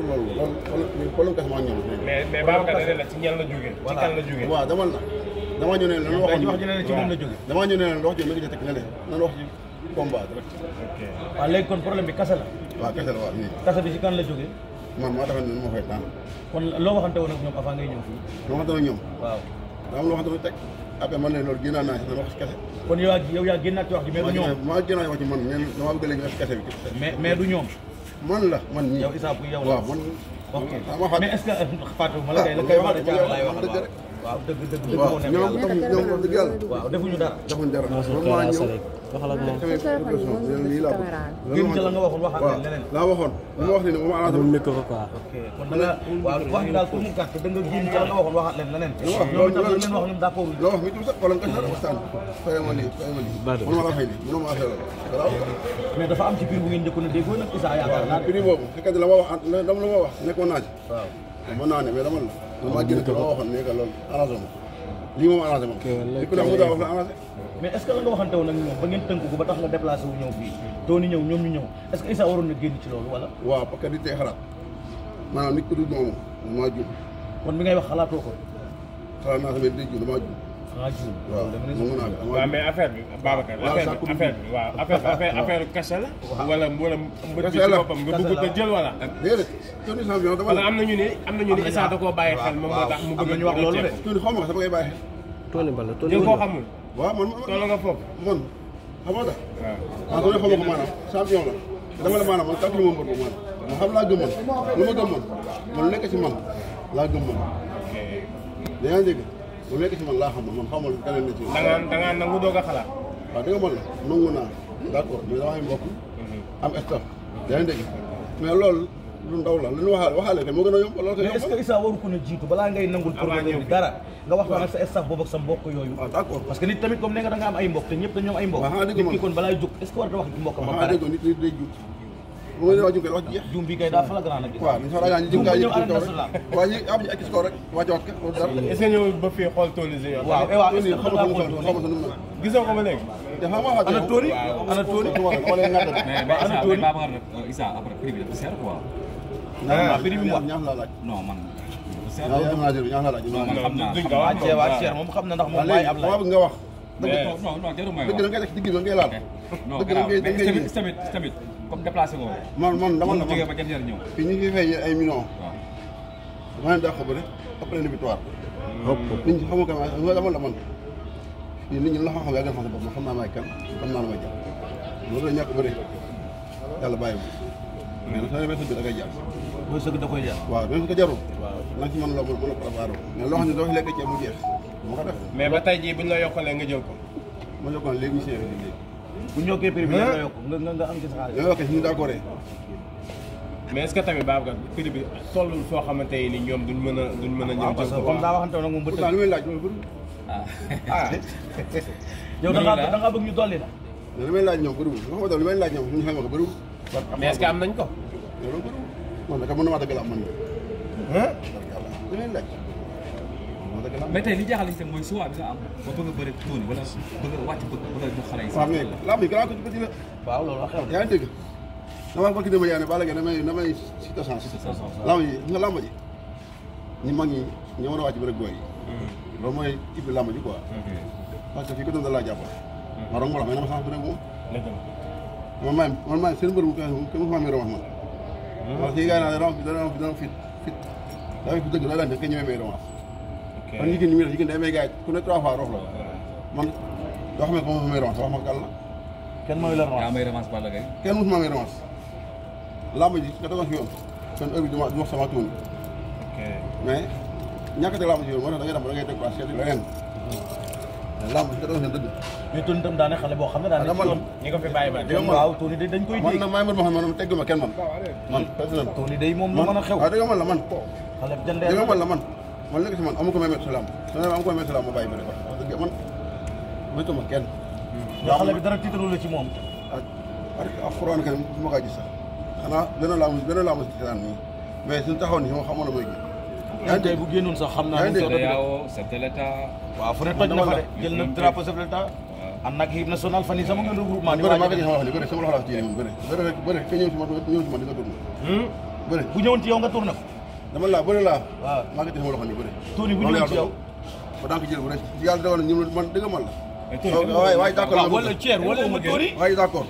loolu loolu problème casamance ñoom. mais mais Babacar da ne la ci ñan la jógee. ci kan la jógee waaw dama la dama ñu ne leen wax ñu ne ci moom la jógee. dama ñu ne leen wax ci mi ngi teg ne leen nañu wax ci combat rek. ok waaw léegi kon problème bi kasa la. waaw kasa la waaw nii. kasa bi ci kan la jógee. man maa taxoon ne ma fay tànn. kon loo waxante woon ak ñoom avant ngay ñëw fii. loo waxante woon ak ñoom. waaw daa am loo xamante ne teg après man ne loolu génnaa naa si man wax si kese. kon yow yaa yow yaa génnaat ci wax ji mais du ñoom. maa génnaat wax ci man nee na damaa bëgg léegi wax si kese bi. mais mais du ñoom man la man mii yow Issa Pouye yow la waaw man. ok mais est-ce que euh, Fatou ma la ah, kay la kay wax dëgg rek. waaw dëgg dëgg dëgg moo nekk yàlla waaw ñoom ñoom dëgg yàlla. waaw defuñu dara. defuñu dara vraiment ñoom. waxal ak moom. gën ca la nga waxoon waxal leen leneen. laa waxoon li ma wax nii moom alaata. amul micro quoi. ok kon da nga waaw wax daal pour mu gàtt da nga gën ca la nga waxoon waxal leen leneen. loolu loolu ñoom wax ñoom d' accord. loo wax mi tuuti wala nga ko waxtaan. fay ma nii fay ma nii. baax na la fay nii mënuma la fay la. mais dafa am ci prix bu ngeen njëkkoon a déggoo nag Issa yaakaar naa. prix boobu fekk la ma wax dama la ma wax nekkoon naa ci. waaw mën naa ne mais dama la. dama gën a waxoon ne que loolu arrangé ma lii moom arrangé moom. li ku nekk mu daa wax la arrangé. mais est ce que la nga waxante woon ak ñoom ba ngeen tënk ko ba tax nga déplacé wu ñëw fii dooni ñëw ñoom ñu ñëw est ce waroon na génn ci loolu wala. waaw parce que tey xalaat maanaam nit ku dul moom maa jub. kon bi ngay wax xalaatoo ko. xalaat naa sama nit ju damaa jub waaw mën naa ko waaw mais affaire bi Babacar. affaire bi waaw affaire affaire kese la. wala wala mbët bi ci boppam nga bëgg ko jël wala. Ah, déedéet Tony champion dama la am na ñu ne am na ñu ne Issa da koo bàyyi xel moom moo tax mu bëgg ñu wax loolu de. Tony xaw ma ko sama ngay bàyyi xel. Tony Balla Tony koo xamul. waaw man man toll nga foofu. man xam nga tax. waaw waaw ah, Tony xaw ma ko maanaam champion la dama la maanaam man tàkk moom mbër ma maanaam. ma xam laa gëmoon lu ma gëmoon man nekk ci man laa gëmoon. yaa ngi dégg bu nekk ci man laa xamul man xamul keneen na ci. doog a xalaat. waaw dëgg nga man nangu naa d' accord mais dama mhm. am mbokk. la lu ñu waxaale waxaale a na jiitu balaa ngay nangul. problème bi dara nga waxtaan ak sa staff boobu ak sa mbokk yooyu. waaw ah, d' nit tamit comme ne nga da am ay mbokk te ñëpp dañoo ay mbokk. balaa jóg est war na wax ak mbokk ba pare. waaw xanaa nit day jóg bu ñu wax juum kay wax jeex juum bi kay daa flagrant nag waaw ñu soxla ñu jëm gaa yëg ci kaw rek waa ñu am ñu agsi kaw rek wàccewaat ko loolu dara est-ce que ñëw ba fii xool tool yi waaw eh, waaw est-ce que xam nga ko xool gisoo ko ba léegi dafa ma wax ana tool yi ana tool yi wala nga def mais ana tool yi euh, Issa après prix bi dafa seer quoi ah, non prix bi mu wax ñaax la laaj non man seer moom xam na ndax moom may ab la nga wax dëgg non non jarul may wax dëgg la ngay def digg bi ngay laal dëgg la ngay tamit tamit comme déplacé nga man man dama la jógee ba jant ñëw. fii ñu ngi fay ay millions. waaw maa ngi dàq ba ne après le victoire. Hmm. nit ñi xamul kan maa ngi la man. fii nit la a xam sa bopp ma xam naa maay kan xam naa la la ñàkk ba ne yàlla bàyyi ma. Hmm. mais nag soo demee sa biir da ngay jàpp. loolu sëgg da koy jar. waaw su ko jarul. waaw na nga ci mën loo a préparé mais ne doo lekk ceeb mu jeex. dama def mais ba tey jii buñ la yokkalee nga jël ko. ma yokkoon léegi ñu bu ñu yokkee prix bi nga yokk nga nga am ci sa xaalis. nga yokkee ñu d'accord mais est-ce que ñoom duñ mën a duñ mën a. ñëw parce que comme daa waxante woon ak moom bëtt. pourtant li may laaj mooy bëri. ah, ah. ñu dolli la. li may laaj ñoom bëriwul li ma xam li may laaj ñoom ñu xam ko am nañ ko. loolu bëriwul man nag mën na maa dëgg la am man de. li may laaj. dëgg la mais tey li jaaxal itam mooy choix bi nga am ba bëgg a bëri tuuni wala bëgg a wàcc bëgg bëgg a jox xale yi waaw mais lamb yi grand ko ci la waaw loolu wax yaa ngi dégg dama wax bakki dama yaa ne ba léegi damay damay situation situation lamb yi nga lamb ji ñi mag ñi ñoo war a wàcc bëri booy yi loolu mooy man yëgën ni muy def yëgën day may gaaj ku ne trois fois roof la man doo xam ne ko may revanche wax ma kal na kenn mooy la revanche may revanche Balla Gaye kenn mosuma may revanche làmb ji nga tegoon ci yoon kon heure bi du wax sama tuun mais ñàkk a teg làmb ji yoon moo tax da ngay dem da ngay teg ko assiette leneen mhm. làmb ji nga tegoon seen dëgg mais tuun tam daane xale boo xam ne daane ah, ñi ko fi bàyyi ba waaw tuuni day dañ koy dégg man maay mbër moo xam ne man tegguma kenn man man tuuni day moom lu mën a xew ah, dëgg man la man xale jëndee dëgg man la man man léegi si man amu ko may métti lamb sama amu ko may métti lamb ma bàyyi bëri wax dëgg man métti hmm. ma kenn. waaw xale bi dara tiitalu la ci moom. ak ak xuraan kenn bu ma kaa gis sax xanaa benn laamu benn laamu si daan nii mais suñu taxaw nii ma xamoon na may gis. yaa ngi dégg bu génnoon sax xam naa. yaa ngi dégg waaw fu ne toj na fa de jël na hmm. drapeau chef de l'État. am nag hymne national fan yii sama ngeen regroupement. ni waa ñu bëri maa ngi bëri sama loxo laa ci yéen bëri bëri bëri ka ñëw si man ñëw si man di nga tourné. Hmm? bëri bu ñëwoon ci yow nga tourné ko. dama laa bëri laa. waaw bu ñëwee ci yow ba daan ko jël bu rek yàlla dogal na ñu man man la. ma tuuri waaye d'accord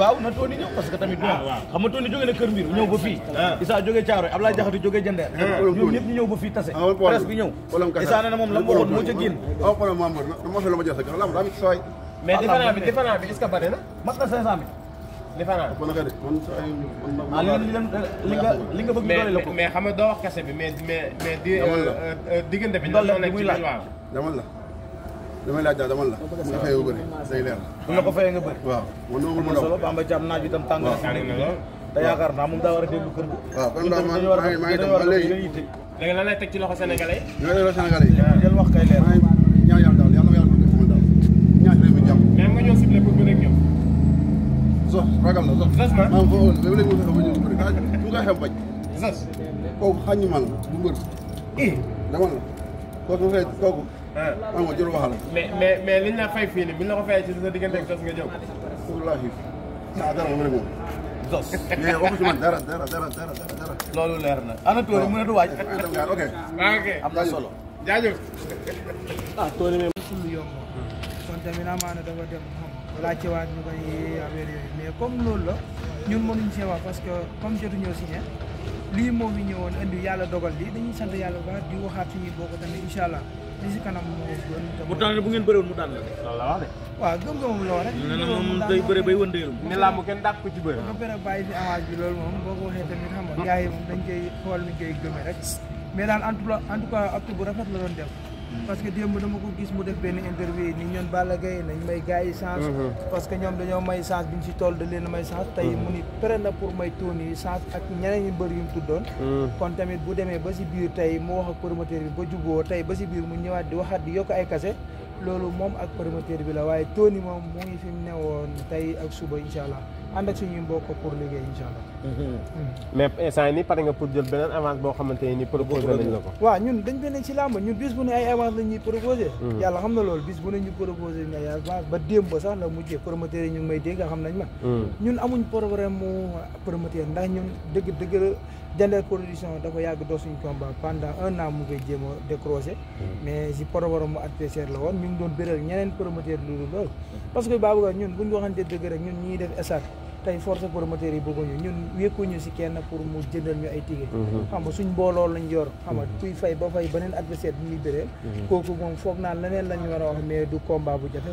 waaw na Tony ñëw parce que tamit. waaw xam nga Tony jógee na Kër Mbir ñëw ba fii. Issa jógee Thiaroye Ablaye Diakhaté jógee Jëndeer. ñoom ñëw ba fii tase. presse ñëw. Issa nee na moom la mu moo ca ma am ma ma la ma jox sa gën a la am mais différent bi différent bi est-ce que bare na mat na 500 000 li fanaan man naka de man sa ay man ah, li nga li nga bëgg ñu doole la ko mais xam nga doo wax kese bi mais mais mais di euh, euh, euh, diggante bi ndaw la muy laaj damal la damay laaj daal damal la nga fay nga bëri day leer bu la ko fayee nga bëri waaw man noonu mu solo Bamba Thiam naaj bi tam tàng na te yaakaar naa moom daa war a déglu kër gi waaw kon daal maa ngi maa ngi dem ba léegi léegi lan lay teg ci loxo sénégalais yi ñoo lay loxo sénégalais yi jël wax kay leer ragal na sax sas na maa ngi fa woon mais léegi ma fexe ba ñëw bu ko xam bañ. sas kooku xàññi ma mbër. dama la kooku fay kooku. Ah. maa ngi ko jël waxal. mais mais mais liñ la fay fii nii buñ la ko fayee ci sa diggante ak sas nga jëm. wallaahi saa dara ma bëri moom. sos mais waxu ci man dara dara dara dara dara. leer na ana Touré mu ne du waaj. ok ah, ok am na solo. jaajëf ah Touré. Hmm. suñu yomb kon tamit amaana dafa laajtewaat ñu koy affaire yooyu mais comme loolu la ñun mënuñ see wax parce que comme jotuñoo signé lii moo fi ñëwoon indi yàlla dogal lii dañuy sant yàlla bu baax di waxaat suñuy bokk tamit incha allah li si kanam moo gën. mu tànn mu daan la. waaw waaw gëm-gëmam loo rek. ñu ne moom day bëre bay wëndeelu. ne laa mu kenn dàq ko ci bëri. ba pare bàyyi fi avance bi loolu moom boo ko waxee tamit xam nga gars yi moom dañ koy xool ni koy gëmee rek mais daal en tout tout cas acte bu rafet la doon dem parce que démb dama ko gis mu def benn interview ni ñun Balla Gaye nañ may gars yi chance mhm. parce que ñoom dañoo may chance bi ñu si toll da leen may chance tey mhm. mu ni prêt na pour may Tony yi chance ak ñeneen ñi mbër yu ñu tuddoon mhm. kon tamit bu demee ba si biir tey mu wax ak promoteur bi ba juboo tey ba si biir mu ñëwaat di waxaat di yokk ay kase loolu moom ak promoteur bi la waaye Tony moom mu ngi fi mu newoon tey ak suba incha allah ànd ak mboo mbokk pour liggéey incha allah. Mm-hmm. mais instant yii nii pare nga pour jël beneen avance boo xamante ne nii proposé nañ la ko. waaw ñun dañ beneen ci làmb ñun bis bu ay avance la ñuy proposé. Mm-hmm. yàlla xam na loolu bis bu ne ñu proposé ñu ay avance ba démb ba sax la mujjee promoteur yi ñu ngi may dégg xam ma. Mm. ñun amuñ problème mu promoteur ndax ñun dëgg dëgg Diender production dafa yàgg doo suñu combat pendant un an mu koy jéem a décroché mm. mais si programme mu adversaire la woon ñu ngi doon béral ñeneen promoteur loolu loolu parce que Babacar ñun buñ waxante dëgg rek ñun ñi ngi def esat tey force promoteur yi bëgguñu ñun wékkuñu si kenn pour mu jëndal ñu ay ticket mm-hmm. xam nga suñ mbooloo lañ yor mm-hmm. xam nga kuy fay ba fay beneen adversaire bi ñuy bëree mm-hmm. kooku moom leneen lañ war a wax mais du combat bu jafe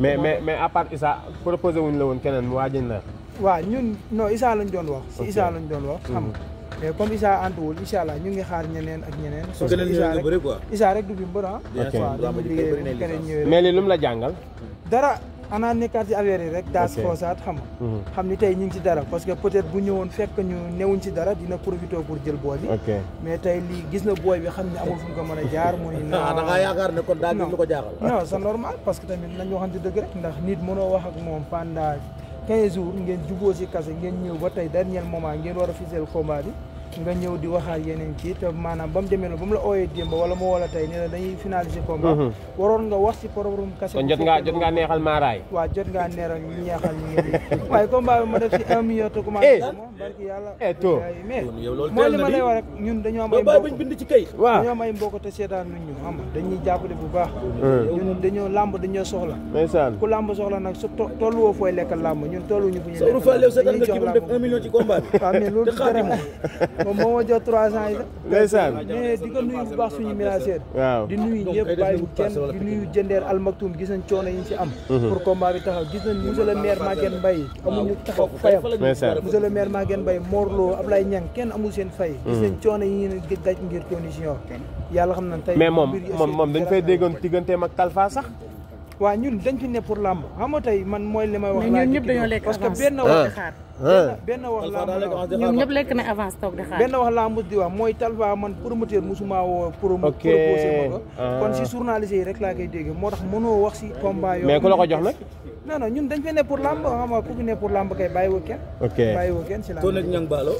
mais mais mais à part Issa wuñ la woon keneen waa jën la waaw ñun non Issa lañ doon wax si Issa lañ doon wax xam mais comme Issa antuwul incha allah ñu ngi xaar ñeneen ak ñeneen. su gën a néew bëri quoi Issa rek du bi mbër ah. ok dañuy liggéey la jàngal. dara ana nekkaat ci affaire rek. daas xoosaat xam nga. Mhm. xam ni tey ñu ngi ci dara parce que peut-être bu ñëwoon fekk ñu newuñ ci dara dina profité pour jël booy bi. mais tey lii gis na booy bi xam ne amul fu mu ko mën jaar. moo ni ah da ngaa yaakaar ne kon daal di lu ko jaaxal. non parce que tamit nañu waxante dëgg rek ndax nit mënoo wax ak moom pendant 15 jours ngeen jugoo si kase ngeen ñëw ba tey dernier moment ngeen war a fisel combat bi nga ñew di waxaat yeneen ci te manam bam mu bam la ooyee demba wala mo wala tay ne la dañuy finaliser combat waron nga wax ci problème kase kon jot nga jot nga neexal maray wa jot nga neeral neexal ñi way combat bi ma def ci 1 million te commencé sama barki yàlla to mais mooy li ma lay wax rek ñun dañu am ay mbokk bind ci kay waaw dañoo am ay mbokk te sétan nuñ ñu xam dañuy jappalé bu baax ñun dañu lamb dañu soxla ndeysaan ku lamb soxla nak su tollu wo foy lekk lamb ñun tollu ñu fu ñu lekk làmb dañuy jox làmb waaw mais loolu dara moom moo ma jox trois cent yi sax. ndeysaan mais nuyu bu baax suñu ménagère. di nuyu ñëpp bàyyiwul kenn di nuyu jëndeer almaktum gis nañ coono yi ñu ci am. Mhm. pour combat bi taxaw gis nañ monsieur le maire Maguette Mbaye amuñu taxaw fayam. ndeysaan monsieur le maire Maguette Mbaye Morlo Ablaye Niang kenn amul seen fay. Mhm. gis nañ coono yi ñu daj ngir condition yàlla xam na tey. mais moom moom moom dañ fay déggoon digganteem ak Talfa sax. waa ñun dañ fi ne pour làmb xam nga tey man mooy li may wax. mais ñun ñëpp dañoo lekk avance parce que ah. Ah. benn wax. benn ñëpp lekk na avance toog di xaar. benn wax làmb di wax mooy talfa man promoteur musuma woo. ok proposé ma ko ah. kon si journaliste yi rek laa koy dégg moo tax mënoo wax si combat mais ku la ko jox nag. non non ñun dañ fi ne pour làmb xam nga fi ne pour làmb kay bàyyiwul kenn. ok bàyyiwul kenn si làmb. kon nag ñang baalo.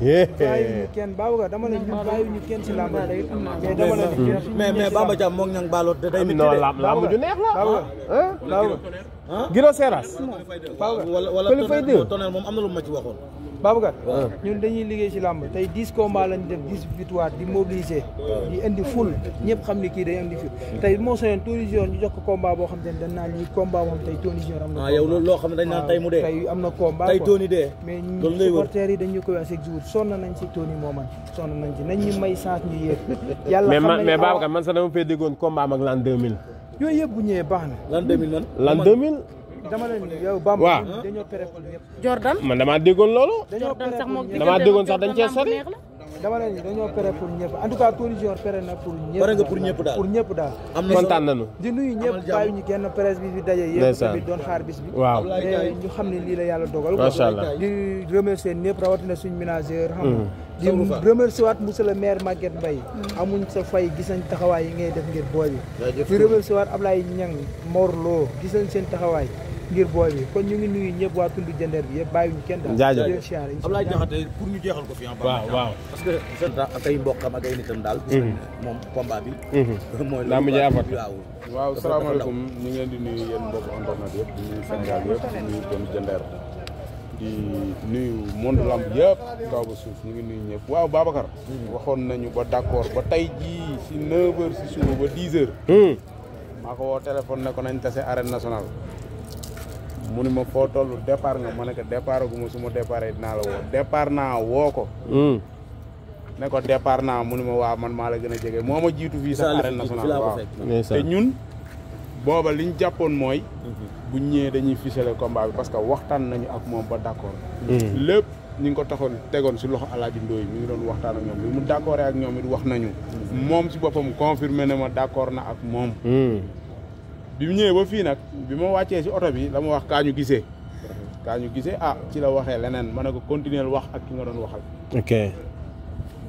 bàyyiwuñu kenn Babacar dama ne ñun si làmb ji hmm. mais dama ne hmm. mais mais Bamba Thiam moom ñang baaloot day metti de. non làmb ju neex la. Guiro Seras. Coly Faye 2 Tonnerre moom am na lu ma ci waxoon. Babacar ñun dañuy liggéey ci làmb tey dix combats lañ def dix victoire di mobiliser. di indi ful ñëpp xam ni kii day indi ful. tey moo soñoon ñu jox ko combat boo xam ne dañ naan lii combat tey am na. ah loo xam ne dañ naan tey mu dee. na combat tey Tony dee. mais ñun supporters yi dañu ko wax chaque jour sonn nañ ci Tony mooman sonn nañ ci nañ ñu may chance ñu yéeg. yàlla xam nañ mais mais déggoon combat am ak l'an yooyu yëpp bu ñëwee baax na. lan 2000 lan lan 2000. dama leen ni yow Bamba. waaw dañoo péré Jordan man damaa déggoon loolu. Jordan sax moom digganteelu Jordan sax dañ cee sori. dama ne ni pere pour ñëpp en tout cas Tony Junior pere na pour ñëpp pare nga pour ñëpp daal pour ñëpp daal am na kontaan nañu di nuyu ñu kenn presse bi fi daje yëpp tamit doon xaar bis bi waaw mais ñu xam ne lii la yàlla dogal macha allah di remercier ñëpp rawatina suñu ménageur xam mm. di remercier waat monsieur le maire Maguette Mbaye amuñ sa fay gis nañ taxawaay yi ngay def ngir booy bi di si waat Ablaye Niang Mor Lo gis seen taxawaay ngir booy bi a ñu ngi yëpp bàyyiwuñu kenn daal. jaajëf jaajëf Ablaye waaw waaw parce que. ak ay mbokkam daal. moom combat bi. Mhm. mooy waaw salaamaaleykum ñu ngi di nuyu yéen mbokk internet yëpp di nuyu Sénégal yëpp di lamb yëpp kaw ba suuf ñu ngi nuyu ñëpp waaw Babacar. Mhm. waxoon nañu ba d'accord ba tey jii si 9h si suba ba 10h. Mhm. maa ko woo téléphone ne ko nañ tase arène nationale. mu ni ma foo toll nga ma ne ko départ gu ma su ma départ la woo départ naa woo ko. Hmm. ne ko départ na mu ni ma waa man maa la gën a jege moo ma jiitu fii sax arène nationale waaw te ñun booba liñ jàppoon mooy mhm. bu ñëwee dañuy ficelé combat parce que waxtaan nañu ak moom ba d'accord hmm. lép ñi ngi ko taxoon tegoon si loxo alaaji Ndooy mi ngi doon waxtaan ñoom bi mu d'accord ak ñoom it wax nañu hmm. moom si boppam confirmé ne ma d'accord na ak moom bi mu ñëwee ba fii nag bi ma wàccee si oto bi la mu wax kaañu ñu gisee kaa ñu ah ci la waxee leneen ma ne ko continuer wax ak ki nga doon waxal ok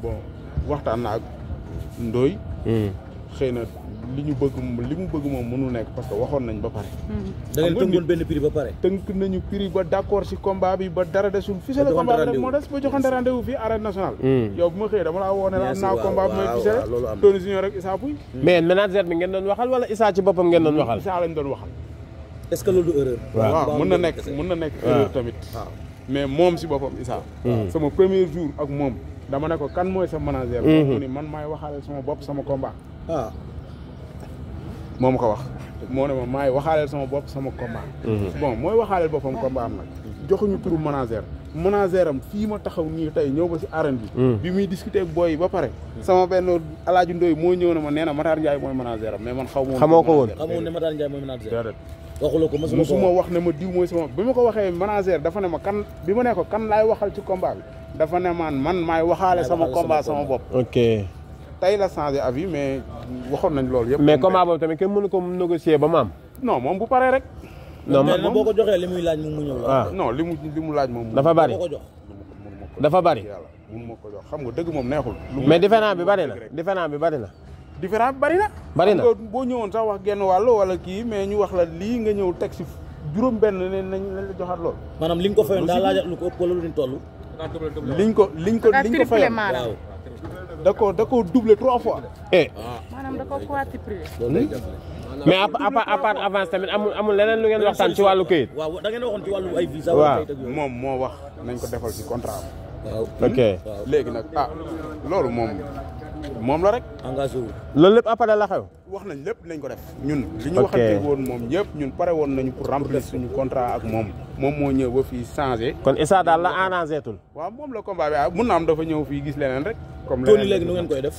bon waxtaan na ak Ndoye hmm. xëy na li ñu bëgg li mu moom mënul nekk parce que waxoon nañ ba pare. Mm-hmm. da ngeen tënkoon benn prix ba pare. tënk nañu prix ba d' accord si combat bi ba dara desul. fii sa bi nag moo des ba joxante rendez vous fii arène nationale. Mm. yow bu ma xëyee dama laa woo ne la am naa combat bu may fisale. loolu am Tony Junior mm. bi ngeen wala Issa ci boppam ngeen doon que loolu du erreur. waaw mën na nekk mën na nekk erreur ah. tamit. Ah. mais moom si boppam Issa. Mm. sama premier jour ak moom dama ne ko kan mooy sa manager. Mm-hmm. mu ni man maay waxaale sama bopp sama combat. Ah. moo ma ko wax moo ne ma maay waxaale sama bopp sama combat mhm. bon mooy waxaaleel boppam combat am nag joxuñu turu manager manager am fii ma taxaw nii tey ñëw ba si arène bi mhm. bi muy discuter ak booy ba pare sama benn alaaju ndoy moo ñëw na ma nee na Matar Ndiaye mooy manager am mais man xaw ma xamoo ko woon xamoo ne Matar Ndiaye mooy manager waxuloo ko mosuma wax ne ma diw mooy sama bi ma waxee manager dafa ne ma kan bi ma ne ko kan laay waxal ci combat bi dafa ne man man maay waxaale sama combat sama bopp ok tey la changé avis mais waxoon nañ loolu yëpp. mais combat boobu tamit kenn mënu ko négocier ba mu am. non moom bu paree rek. non moom boo ko joxee li muy laaj moom mu ñëw. waaw ah. non li mu li mu laaj moom. dafa bari dafa bari. mun ma ko jox xam nga dëgg moom neexul. mais différent bi bari na différent bi bari na. différent bi bari na. boo ñëwoon sax wax genn wàll wala kii mais ñu wax la lii nga ñëw teg si juróom benn ne nañ la joxaat lool. maanaam li nga ko ko daal laajat lu ko ëpp wala lu ñu toll. liñ ko liñ ko ah, liñ ko fayoon D'accord, d'accord, double trois fois. Eh. tu hmm? mais à part à part avance tamit amul amul leneen lu ngeen waxtan ci walu keuy waaw da ngeen waxon ci walu ay visa. mom mo wax nañ ko defal ci contrat ok légui nak ah lolu mom ça. la rek. engagé wu. la xew. wax nañ nañ ko def. ñun li ñu woon mom ñun pour remplir suñu contrat ak mom mom ça, ñëw ba fii kon la arrangé waaw ça. la combat bi ah, na am dafa gis comme Tony léegi nu ngeen koy def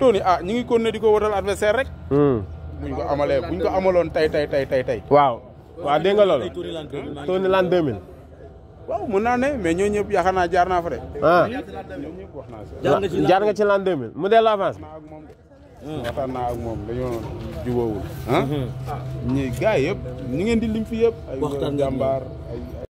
Tony ah ñu ngi continuer di ko waral adversaire rek hmm. buñ ko amalee buñ ko amaloon tey tey tey tey tey waaw waaw dégg nga loolu Tony Lan 2000 waaw mën naa ne mais ñoo ñëpp yaakaar naa jaar naa fa de ah jaar nga ci Lan 2000 mu delloo avance hmm. waxtaan naa ak moom dañoo jubóowul ah, hmm. ah. ñi gars yëpp ñu ngeen di lim fi yëpp ay waxtaan jàmbaar ay